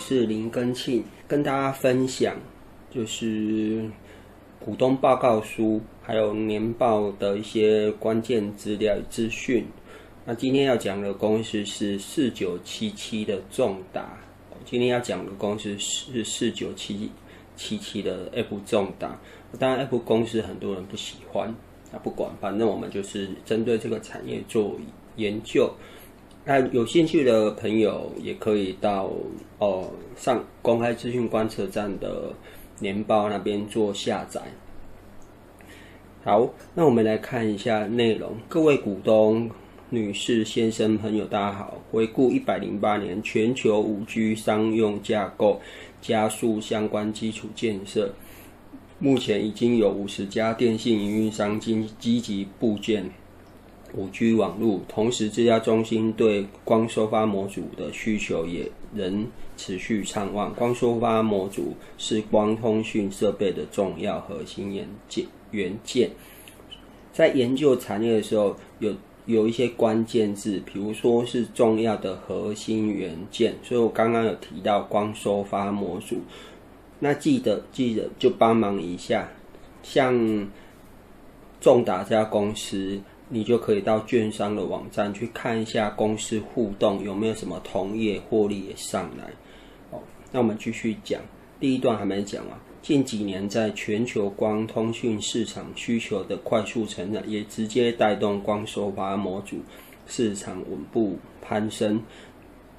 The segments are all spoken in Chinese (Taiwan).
我是林庚慶跟大家分享，就是股東報告書還有年報的一些關鍵資料資訊。那今天要講的公司是四九七七的眾達，今天要講的公司是四九七七七的 F 股眾達。當然，F 股公司很多人不喜歡，那不管，反正我們就是針對這個產業做研究。那有興趣的朋友也可以到哦，上公開資訊觀測站的年報那邊做下載。好，那我們來看一下內容。各位股東女士、先生、朋友，大家好。回顧一百零八年，全球五 G 商用架構加速相關基礎建設，目前已經有五十家電信營運商今積極佈建。五 G 網絡，同時這家中心對光收發模組的需求也仍持續暢旺，光收發模組是光通訊設備的重要核心元件，元件。在研究產業的時候，有有一些關鍵字，比如說是重要的核心元件。所以我剛剛有提到光收發模組，那記得記得就幫忙一下，像重達這家公司。你就可以到券商的網站去看一下公司互動有沒有什麼同業獲利也上來。哦，那我們繼續講，第一段還沒講完。近幾年，在全球光通訊市場需求的快速成長，也直接帶動光收發模組市場穩步攀升。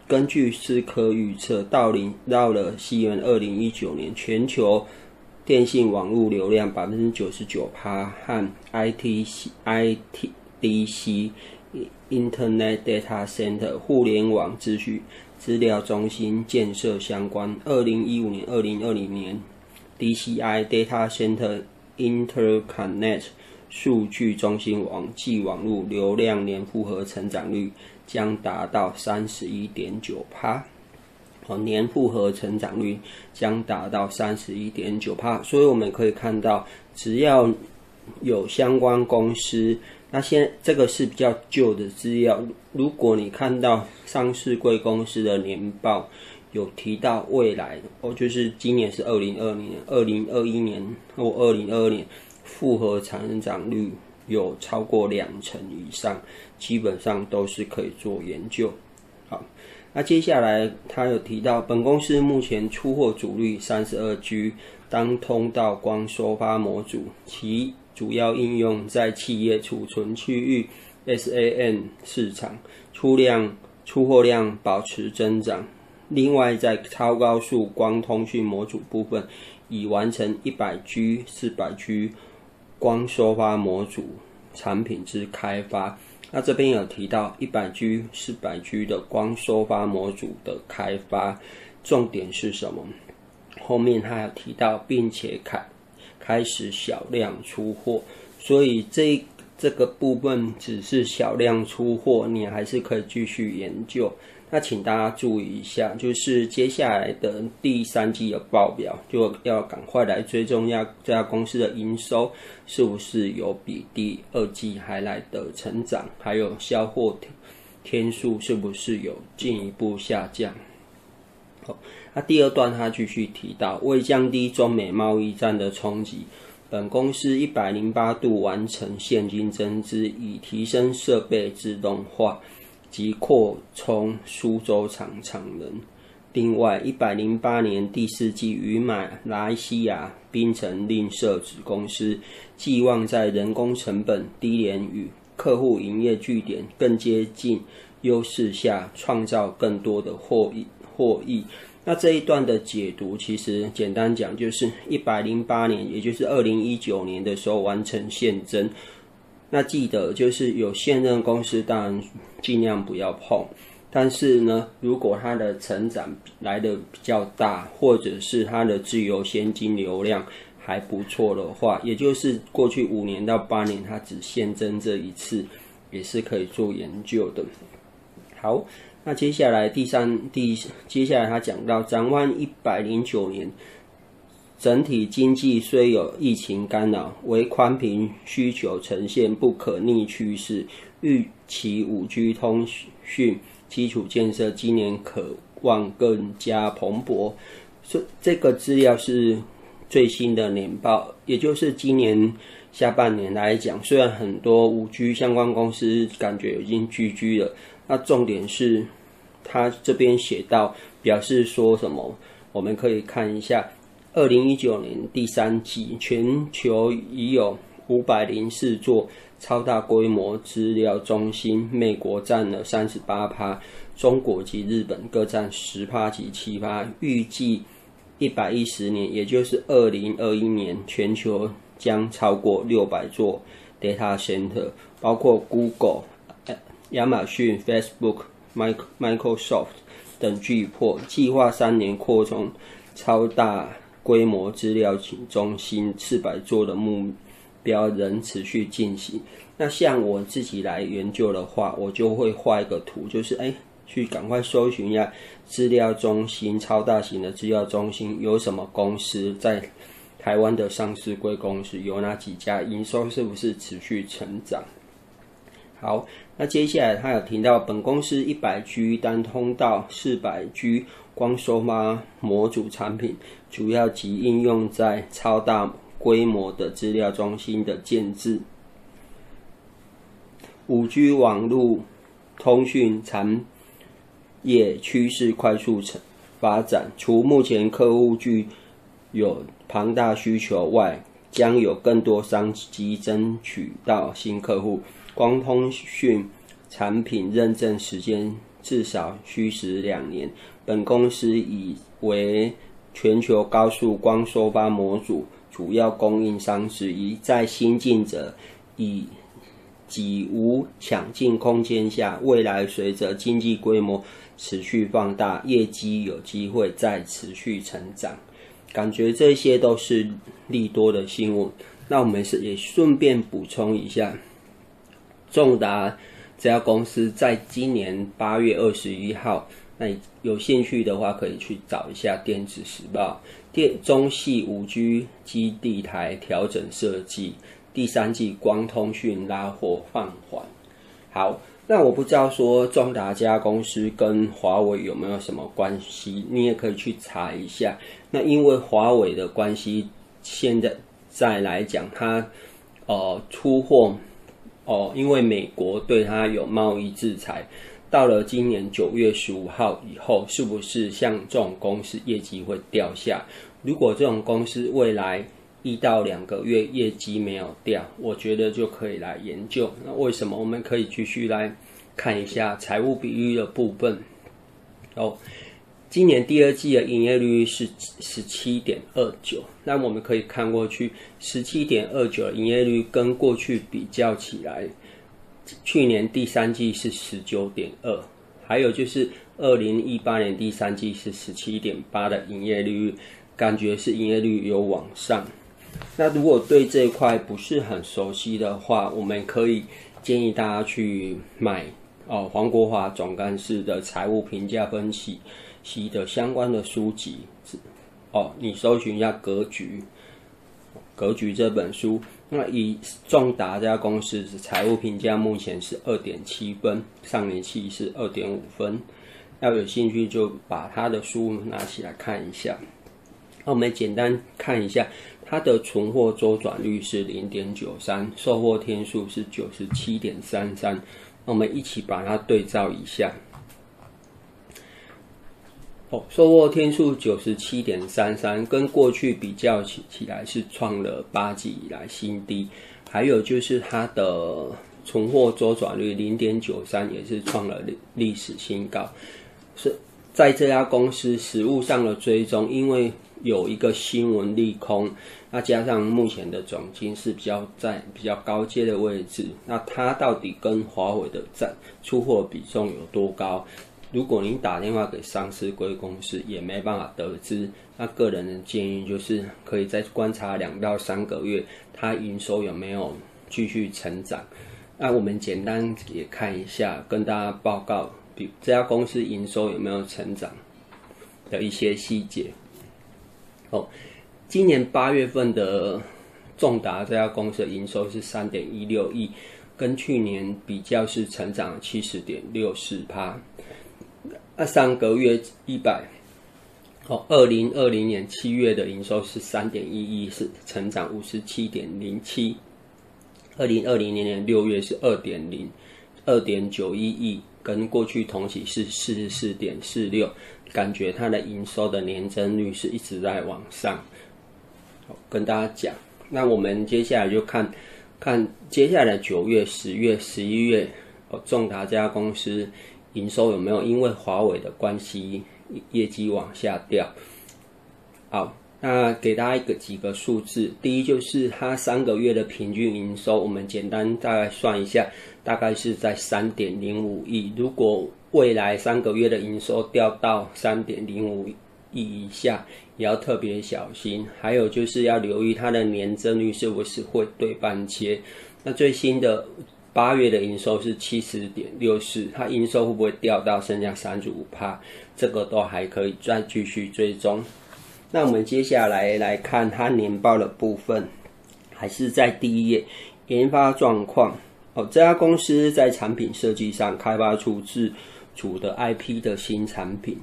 根據思科預測，到零到了西元二零一九年，全球電信網絡流量百分之九十九趴和 I T I T。D.C. Internet Data Center（ 互聯網資訊資料中心）建設相關，二零一五年、二零二零年，D.C.I. Data Center Interconnect（ 數據中心網際網絡）流量年複合成長率將達到三十一點九帕，哦，年複合成長率將達到三十一點九帕。所以我們可以看到，只要有相關公司。那現在這個是比較舊的資料，如果你看到上市櫃公司的年報，有提到未來哦，就是今年是二零二零年，二零二一年哦，二零二二年複合成長率有超過兩成以上，基本上都是可以做研究。好，那接下來他有提到本公司目前出貨主力三十二 G 單通道光收發模組，其。主要應用在企業儲存區域 （SAN） 市場，出量出貨量保持增長。另外，在超高速光通訊模組部分，已完成 100G、400G 光收發模組產品之開發。那這邊有提到 100G、400G 的光收發模組的開發，重點是什麼？後面還有提到，並且看。開始小量出貨，所以這這個部分只是小量出貨，你還是可以繼續研究。那請大家注意一下，就是接下來的第三季的報表就要趕快來追蹤，這家公司的營收是不是有比第二季還來得成長，還有銷貨天數是不是有進一步下降。好。那、啊、第二段，他繼續提到，為降低中美貿易戰的衝擊，本公司一百零八度完成現金增資，以提升設備自動化及擴充蘇州廠廠人。另外，一百零八年第四季於馬來西亞檳城另設子公司，寄望在人工成本低廉與客戶營業據點更接近優勢下，創造更多的獲益獲益。那這一段的解讀，其實簡單講就是一百零八年，也就是二零一九年的時候完成現增。那記得就是有現任公司，當然盡量不要碰。但是呢，如果它的成長來得比較大，或者是它的自由現金流量還不錯的話，也就是過去五年到八年，它只現增這一次，也是可以做研究的。好。那接下來第三第接下來他講到，展望一百零九年，整體經濟雖有疫情干擾，唯寬頻需求呈現不可逆趨勢，預期五 G 通訊基礎建設今年可望更加蓬勃。這個資料是最新的年報，也就是今年下半年來講，雖然很多五 G 相關公司感覺已經聚居，居了。那重點是，他這邊寫到表示說什麼，我們可以看一下，二零一九年第三季，全球已有五百零四座超大規模資料中心，美國占了三十八趴，中國及日本各占十趴及七趴，預計一百一十年，也就是二零二一年，全球將超過六百座 data center，包括 Google。亞馬遜、Facebook、Mic、Microsoft 等巨擘，計劃三年擴充超大規模資料中心，四百座的目標仍持續進行。那像我自己來研究的話，我就會畫一個圖，就是哎、欸，去趕快搜尋一下資料中心、超大型的資料中心，有什麼公司，在台灣的上市櫃公司，有哪幾家營收是不是持續成長？好，那接下來他有提到，本公司一百 G 單通道、四百 G 光收發模組產品，主要及應用在超大規模的資料中心的建置。五 G 網絡通訊產業趨勢快速成發展，除目前客戶具有龐大需求外，將有更多商機爭取到新客戶。光通訊產品認證時間至少需時兩年。本公司已為全球高速光收發模組主要供應商之一，在新進者已幾無搶進空間下，未來隨着經濟規模持續放大，業績有機會再持續成長。感覺這些都是利多的新聞。那我們也順便補充一下。仲達這家公司在今年八月二十一號，那你有興趣的話，可以去找一下《電子時報》。電中系 5G 基地台調整設計，第三季光通訊拉貨放緩。好，那我不知道說仲達這家公司跟華為有沒有什麼關係？你也可以去查一下。那因為華為的關係，現在再來講它，呃，出貨。哦，因為美國對它有貿易制裁，到了今年九月十五號以後，是不是像這種公司業績會掉下？如果這種公司未來一到兩個月業績沒有掉，我覺得就可以來研究。那為什麼我們可以繼續來看一下財務比率的部分。哦。今年第二季的營業率是十七點二九，那我們可以看過去十七點二九的營業率跟過去比較起來，去年第三季是十九點二，還有就是二零一八年第三季是十七點八的營業率，感覺是營業率有往上。那如果對這一塊不是很熟悉的話，我們可以建議大家去買哦黃國華總幹事的財務評價分析。習得相關的書籍是哦，你搜尋一下格《格局》《格局》這本書。那以眾達這家公司是財務評價，目前是二點七分，上年期是二點五分。要有興趣，就把他的書拿起來看一下。那我們簡單看一下，它的存貨週轉率是零點九三，售貨天數是九十七點三三。那我們一起把它對照一下。oh, 售貨天數，九十七點三三，跟過去比較起起來是創了八季以來新低，還有就是它的存貨周轉率零點九三，也是創了歷歷史新高。是在這家公司實務上的追蹤，因為有一個新聞利空，那加上目前的總金是比較在比較高階的位置，那它到底跟華為的佔出貨比重有多高？如果您打電話給上市櫃公司，也沒辦法得知。那個人的建議就是可以再觀察兩到三個月，它營收有沒有繼續成長。那我們簡單也看一下，跟大家報告，比這家公司營收有沒有成長的一些細節。哦，今年八月份的眾達這家公司的營收是三點一六億，跟去年比較是成長了七十點六四趴。那上個月一百，哦，二零二零年七月的營收是三點一億，是成長五十七點零七。二零二零年六月是二點零二點九一億，跟過去同期是四十四點四六，感覺它的營收的年增率是一直在往上。跟大家講，那我們接下來就看看接下來九月、十月、十一月，哦，中達這家公司。營收有沒有因為華為的關係，業績往下掉？好，那給大家一個幾個數字。第一，就是它三個月的平均營收，我們簡單大概算一下，大概是在三點零五億。如果未來三個月的營收掉到三點零五億以下，也要特別小心。還有就是要留意它的年增率是不是會對半切。那最新的。八月的營收是七十點六四，它營收會不會掉到剩下三十五趴？這個都還可以再繼續追蹤。那我們接下來來看它年報的部分，還是在第一頁，研發狀況。哦，這家公司在產品設計上開發出自主的 IP 的新產品，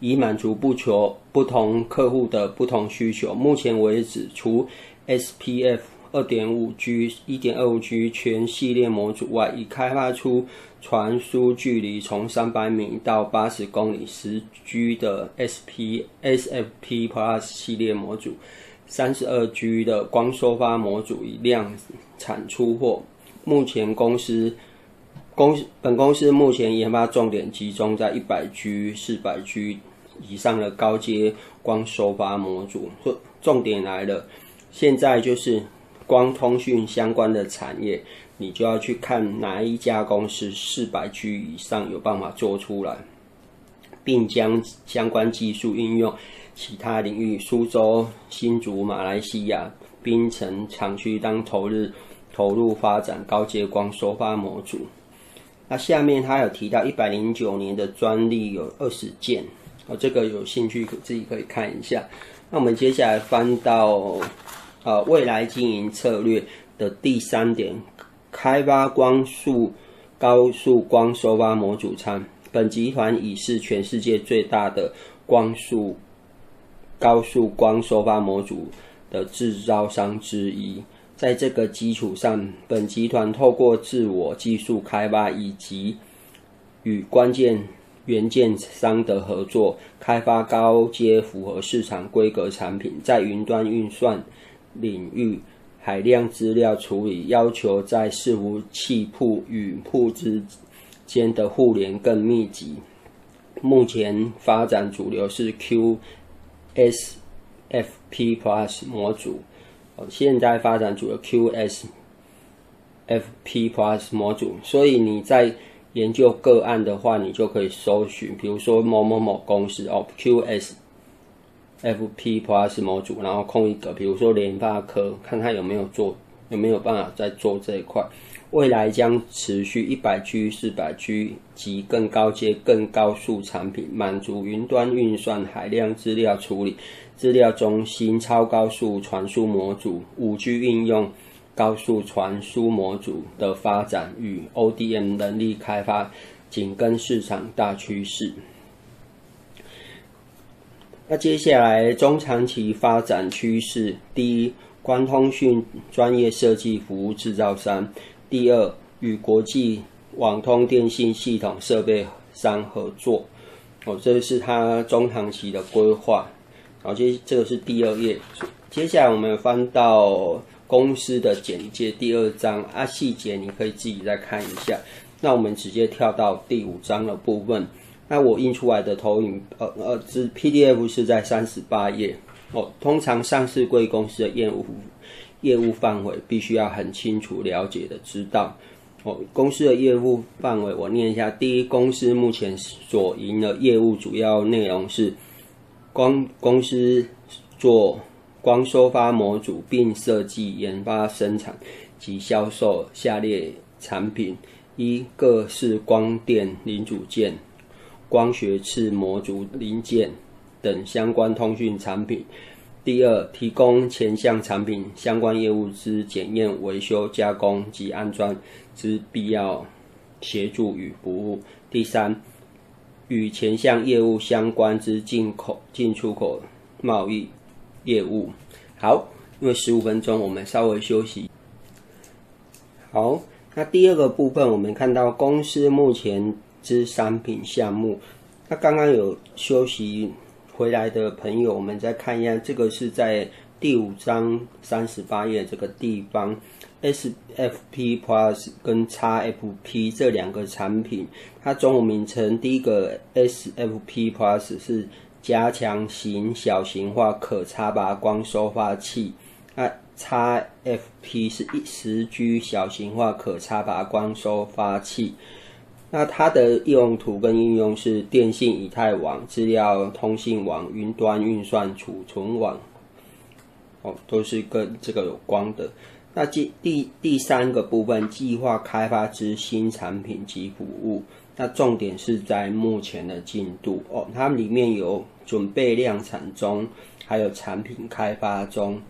以滿足不求不同客戶的不同需求。目前為止，除 SPF。二點五 G、一點二五 G 全系列模組外，已開發出傳輸距離從三百米到八十公里十 G 的 SP-SFP+ 系列模組，三十二 G 的光收發模組已量產出貨。目前公司公本公司目前研發重點集中在一百 G、四百 G 以上的高階光收發模組。重點來了，現在就是。光通訊相關的產業，你就要去看哪一家公司四百 G 以上有辦法做出來，並將相關技術應用其他領域。蘇州、新竹、馬來西亞、檳城廠區當投日投入發展高階光收發模組。那下面他有提到，一百零九年的專利有二十件，哦，這個有興趣自己可以看一下。那我們接下來翻到。呃，未來經營策略的第三點，開發光速高速光收發模組艙。本集團已是全世界最大的光速高速光收發模組的制造商之一。在這個基礎上，本集團透過自我技術開發以及與關鍵元件商的合作，開發高階符合市場規格產品，在雲端運算領域海量資料處理要求在伺服器埠與埠之間的互聯更密集。目前發展主流是 QSFP+ 模組，現在發展主流 QSFP+ 模組。所以你在研究個案的話，你就可以搜尋，比如說某某某公司哦，QS。FP Plus 模組，然後空一格，比如說聯發科，看它有沒有做，有沒有辦法再做這一塊。未來將持續 100G、400G 及更高階、更高速產品，滿足雲端運算、海量資料處理、資料中心超高速傳輸模組、5G 應用、高速傳輸模組的發展與 ODM 能力開發，緊跟市場大趨勢。那接下來中長期發展趨勢：第一，光通訊專業設計服務制造商；第二，與國際網通電信系統設備商合作。哦，這是它中長期的規劃。好、哦，接這個是第二頁。接下來我們翻到公司的簡介第二章啊，細節你可以自己再看一下。那我們直接跳到第五章的部分。那我印出來的投影，呃呃，是 PDF 是在三十八頁哦。通常上市櫃公司的業務業務範圍必須要很清楚了解的知道哦。公司的業務範圍我念一下：第一，公司目前所營的業務主要內容是光公司做光收發模組，並設計、研發、生產及銷售下列產品：一、各式光電零組件。光學次模組零件等相關通訊產品。第二，提供前項產品相關業務之檢驗、維修、加工及安裝之必要協助與服務。第三，與前項業務相關之進口、進出口貿易業務。好，因為十五分鐘，我們稍微休息。好，那第二個部分，我們看到公司目前。之商品項目，那剛剛有休息回來的朋友，我們再看一下，這個是在第五章三十八頁這個地方，SFP Plus 跟 XFP 這兩個產品，它中文名稱，第一個 SFP Plus 是加強型小型化可插拔光收發器，那 XFP 是十 G 小型化可插拔光收發器。那它的用途跟應用是電信以太網、資料通信網、雲端運算儲存網，哦，都是跟這個有關的。那第第第三個部分計劃開發之新產品及服務，那重點是在目前的進度哦，它裡面有準備量產中，還有產品開發中。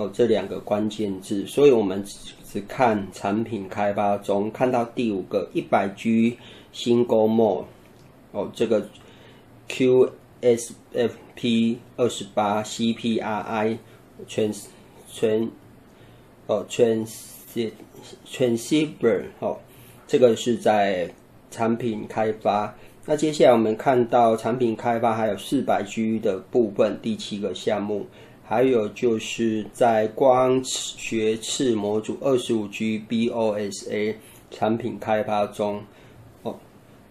哦，這兩個關鍵字，所以我們只，只看產品開發中，從看到第五個一百 G single mode，哦，這個 QSFP 二十八 CPRI trans、哦、trans trans 哦 transceiver 哦，這個是在產品開發。那接下來我們看到產品開發還有四百 G 的部分，第七個項目。還有就是在光學次模組 25G BOSA 產品開發中，哦、oh，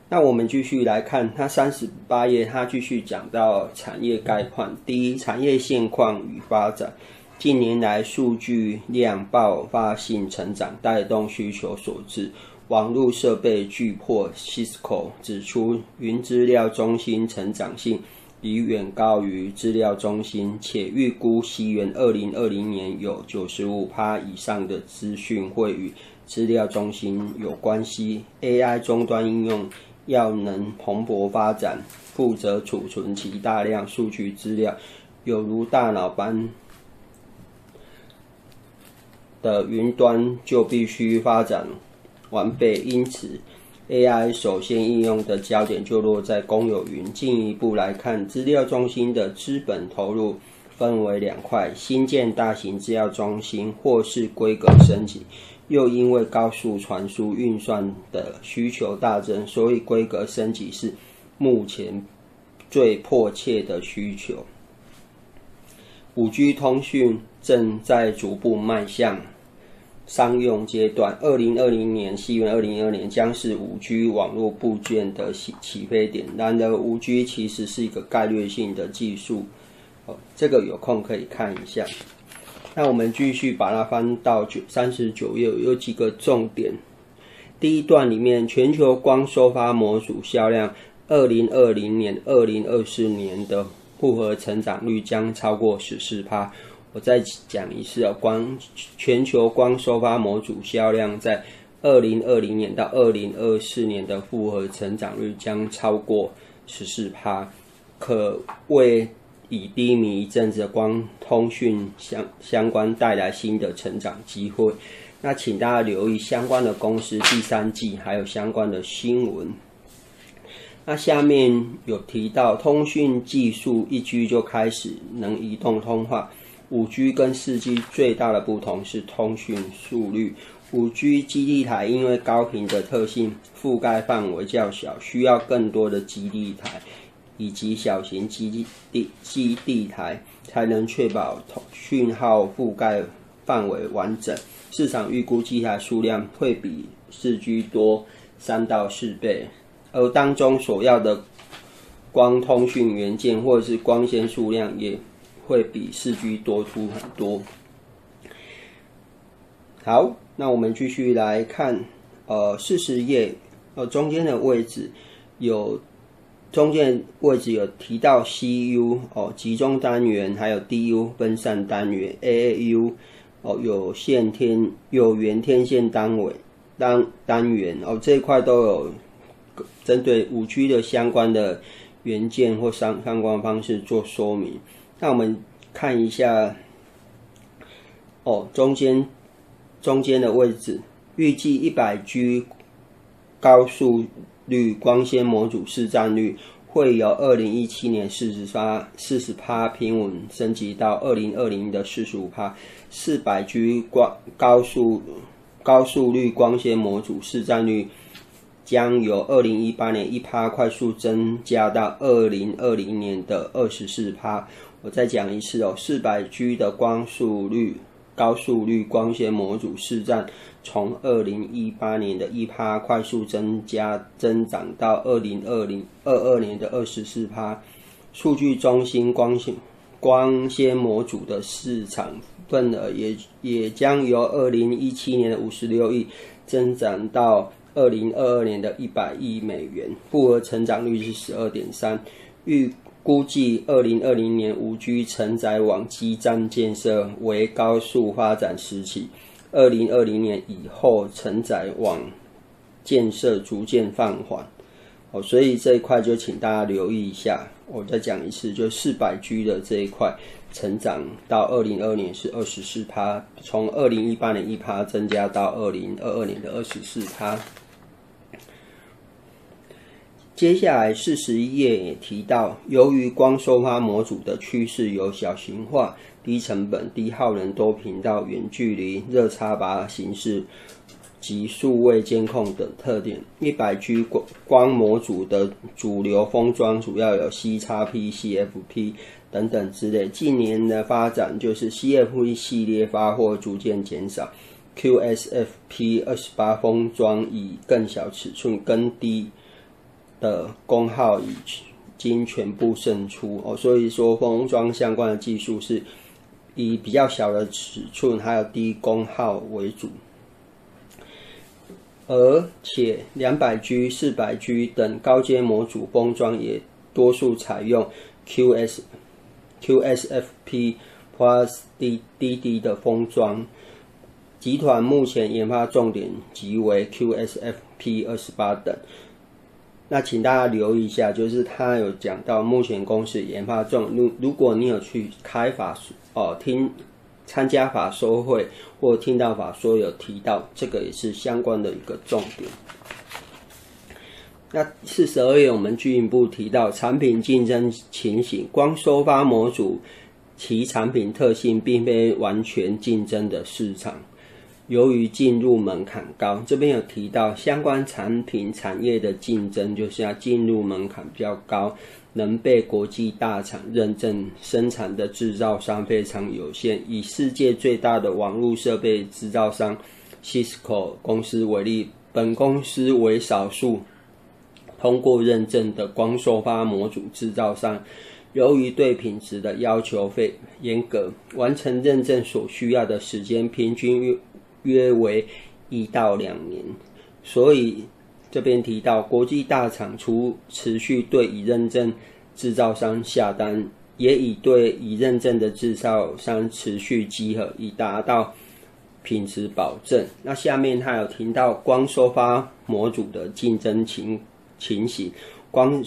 那我們繼續來看它三十八頁，它繼續講到產業概況。嗯、第一，產業現況與發展。近年來，數據量爆發性成長，帶動需求所致，網絡設備巨擘。Cisco 指出，雲資料中心成長性，已遠高於資料中心，且預估西元二零二零年有九十五趴以上的資訊會與資料中心有關係。AI 終端應用要能蓬勃發展，負責儲存其大量數據資料，有如大腦般的雲端就必須發展完備，因此。AI 首先應用的焦點就落在公有雲。進一步來看，資料中心的資本投入分為兩塊：新建大型資料中心，或是規格升級。又因為高速傳輸運算的需求大增，所以規格升級是目前最迫切的需求。5G 通訊正在逐步邁向。商用階段，二零二零年、西元二零二零年將是五 G 網絡布建的起起飛點。當然而，五 G 其實是一個概率性的技術，哦，這個有空可以看一下。那我們繼續把它翻到九三十九頁，有，有幾個重點。第一段裡面，全球光收發模組銷量，二零二零年、二零二四年的複合成長率將超過十四趴。我再講一次啊，光全球光收發模組銷量在二零二零年到二零二四年的複合成長率將超過十四%，可為已低迷一陣子的光通訊相相關帶來新的成長機會。那請大家留意相關的公司第三季還有相關的新聞。那下面有提到通訊技術一居就開始能移動通話。五 G 跟四 G 最大的不同是通訊速率。五 G 基地台因為高頻的特性，覆蓋範圍較小，需要更多的基地台以及小型基地基地台，才能確保訊號覆蓋範圍完整。市場預估基地台數量會比四 G 多三到四倍，而當中所要的光通訊元件或者是光纖數量也。會比四 G 多出很多。好，那我們繼續來看，呃，四十頁，呃，中間的位置有中間位置有提到 CU 哦、呃，集中單元，還有 DU 分散單元，AAU 哦、呃，有線天有源天線單位單單元哦、呃，這一塊都有針對五 G 的相關的元件或相相關方式做說明。那我們看一下，哦，中間中間的位置，預計一百 G 高速率光纖模組市占率會由二零一七年四十趴四十趴平穩升級到二零二零的四十五趴。四百 G 光高速高速率光纖模組市占率將由二零一八年一趴快速增加到二零二零年的二十四趴。我再講一次哦，400G 的光速率、高速率光纖模組市占，從2018年的一趴快速增加增長到2020、22年的24趴。數據中心光纖光纖模組的市場份額也也將由2017年的56億增長到2022年的100億美元，複合成長率是12.3，預。估計二零二零年 5G 承載網基站建設為高速發展時期，二零二零年以後承載網建設逐漸放緩，哦，所以這一塊就請大家留意一下。我再講一次，就 400G 的這一塊成長到二零二二年是二十四趴，從二零一八年一趴增加到二零二二年的二十四趴。接下來四十一頁也提到，由於光收發模組的趨勢有小型化、低成本、低耗能、多頻道、遠距離、熱插拔形式及數位監控等特點，一百 G 光光模組的主流封裝主要有 CXP、CFP 等等之類。近年的發展就是 CFP 系列發貨逐漸減少，QSFP 二十八封裝以更小尺寸、更低。的功耗已經全部勝出哦，所以說封裝相關的技術是以比較小的尺寸還有低功耗為主，而且兩百 G、四百 G 等高階模組封裝也多數採用 QS、QSFP plus DDD 的封裝，集團目前研發重點即為 QSFP 二十八等。那請大家留意一下，就是他有講到目前公司研發中，如如果你有去開法哦聽參加法說會或聽到法說有提到，這個也是相關的一個重點。那四十二頁我們進一步提到，產品競爭情形，光收發模組其產品特性並非完全競爭的市場。由於進入門檻高，這邊有提到相關產品產業的競爭，就是要進入門檻比較高，能被國際大廠認證生產的制造商非常有限。以世界最大的網絡設備制造商 Cisco 公司為例，本公司為少數通過認證的光收發模組制造商。由於對品質的要求非嚴格，完成認證所需要的時間平均約。約為一到兩年，所以這邊提到國際大廠除持續對已認證製造商下單，也已對已認證的製造商持續稽核，以達到品質保證。那下面還有提到光收發模組的競爭情情形，光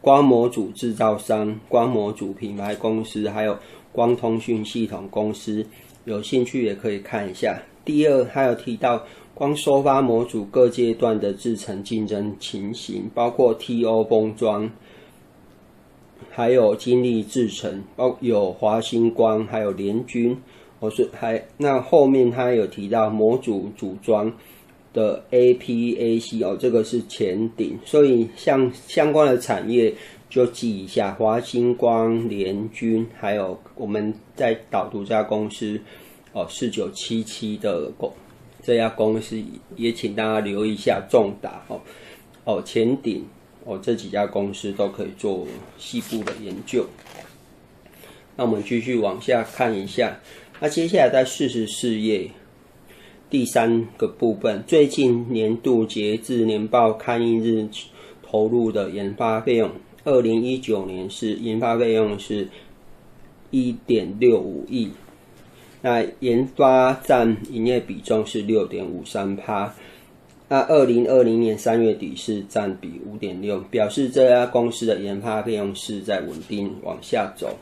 光模組製造商、光模組品牌公司，還有光通訊系統公司，有興趣也可以看一下。第二，他有提到光收發模組各階段的制程競爭情形，包括 T O 封裝，還有晶粒制程，哦，有華星光，還有聯軍。我是還那後面他有提到模組組裝的 A P A C 哦，這個是前頂，所以像相關的產業就記一下，華星光、聯軍，還有我們在導獨家公司，哦，四九七七的公這家公司也請大家留意一下重達哦哦，前頂哦，這幾家公司都可以做細部的研究。那我們繼續往下看一下，那接下來在44頁第三個部分，最近年度截至年報刊印日投入的研發費用，二零一九年是研發費用是一點六五億。那研發占營業比重是六點五三趴，那二零二零年三月底是占比五點六，表示這家公司的研發費用是在穩定往下走。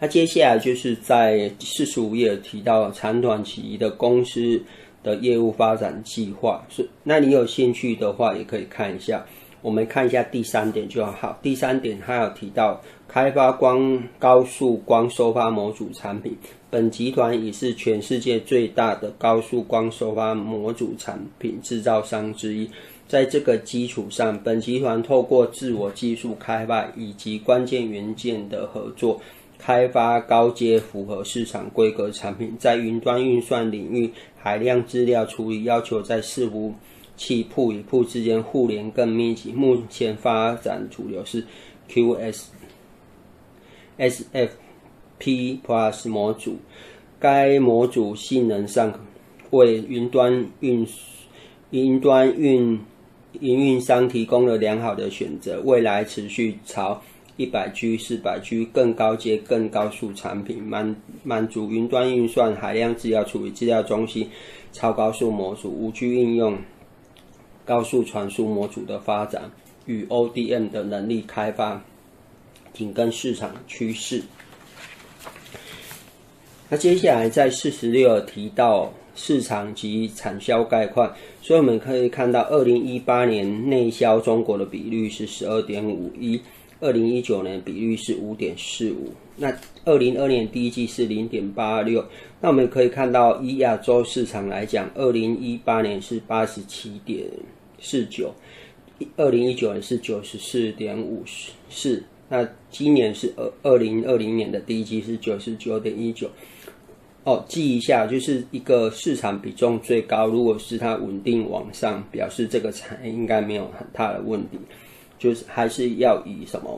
那接下來就是在四十五頁提到長短期的公司的業務發展計劃，是那你有興趣的話也可以看一下。我們看一下第三點就好，第三點它有提到。開發光高速光收發模組產品，本集團已是全世界最大的高速光收發模組產品制造商之一。在這個基礎上，本集團透過自我技術開發以及關鍵元件的合作，開發高階符合市場規格產品。在雲端運算領域，海量資料處理要求在伺服器鋪與鋪之間互聯更密集。目前發展主流是 QS SFP Plus 模組，該模組性能上為雲端運雲端運營運商提供了良好的選擇。未來持續朝 100G、400G 更高階、更高速產品滿滿足雲端運算海量資料處理資料中心超高速模組無需應用高速傳輸模組的發展與 ODM 的能力開發。緊跟市場趨勢。那接下來在四十六提到市場及產銷概況，所以我們可以看到，二零一八年內銷中國的比率是十二點五一，二零一九年比率是五點四五，那二零二零年第一季是零點八六。那我們可以看到，以亞洲市場來講，二零一八年是八十七點四九，二零一九年是九十四點五四。那今年是二二零二零年的第一季是九十九點一九，哦，記一下，就是一個市場比重最高。如果是它穩定往上，表示這個產業應該沒有很大的問題。就是還是要以什麼？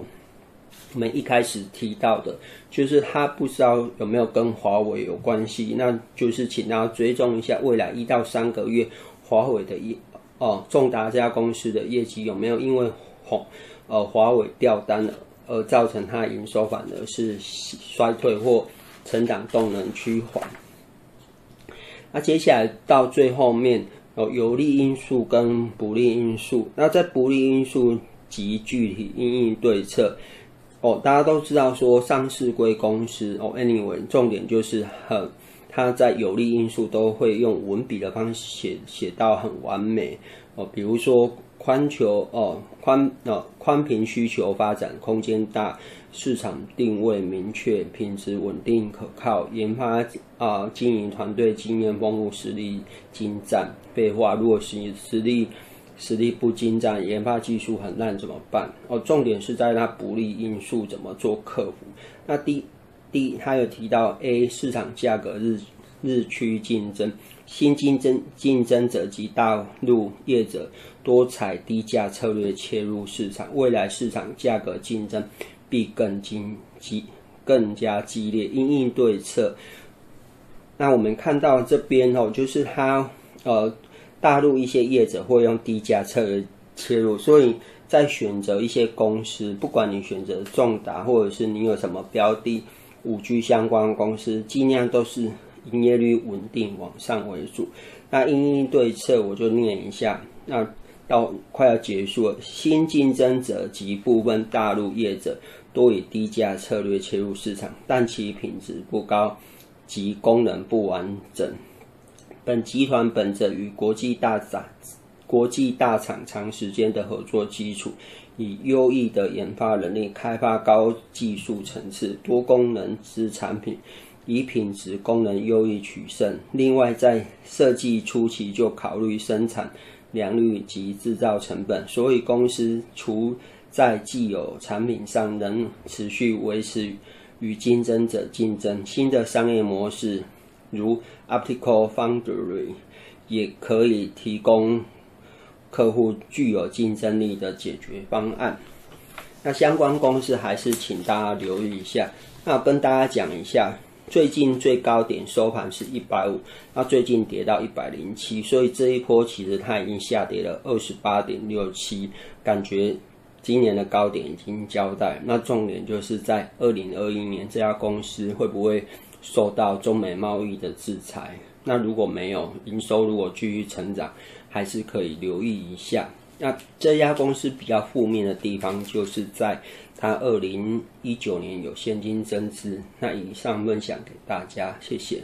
我們一開始提到的，就是它不知道有沒有跟華為有關係。那就是請大家追蹤一下未來一到三個月華為的業哦，眾達這家公司的業績有沒有因為紅、哦、呃華為掉單了？而造成它營收反而是衰退或成長動能趨緩。那接下來到最後面哦，有利因素跟不利因素。那在不利因素及具體因應對策，哦，大家都知道說上市櫃公司哦，Anyway，重點就是很，它在有利因素都會用文筆的方式寫寫到很完美哦，比如說。寬求哦，寬哦，寬頻需求發展空間大，市場定位明確，品質穩定可靠，研發啊、哦，經營團隊經驗豐富，實力精湛。廢話，如果是實力實力不精湛，研發技術很爛怎麼辦？哦，重點是在它不利因素怎麼做克服？那第第一，它有提到 A 市場價格日日趨競爭，新競爭競爭者及大陸業者。多彩低價策略切入市場，未來市場價格競爭必更激激更加激烈。因應對策，那我們看到這邊哦，就是它呃，大陸一些業者會用低價策略切入，所以在選擇一些公司，不管你選擇重達或者是你有什麼標的，五 G 相關公司，儘量都是營業率穩定往上為主。那因應對策，我就念一下那。到快要結束了，新競爭者及部分大陸業者多以低價策略切入市場，但其品質不高及功能不完整。本集團本着與國際大廠、國際大廠長時間的合作基礎，以優異的研發能力開發高技術層次多功能之產品，以品質、功能優異取勝。另外，在設計初期就考慮生產。良率及製造成本，所以公司除在既有產品上能持續維持與競爭者競爭，新的商業模式如 Optical Foundry 也可以提供客戶具有競爭力的解決方案。那相關公司還是請大家留意一下。那跟大家講一下。最近最高點收盤是一百五，那最近跌到一百零七，所以這一波其實它已經下跌了二十八點六七，感覺今年的高點已經交代。那重點就是在二零二一年這家公司會不會受到中美貿易的制裁？那如果沒有，營收如果繼續成長，還是可以留意一下。那這家公司比較負面的地方就是在。他二零一九年有現金增資，那以上分享給大家，謝謝。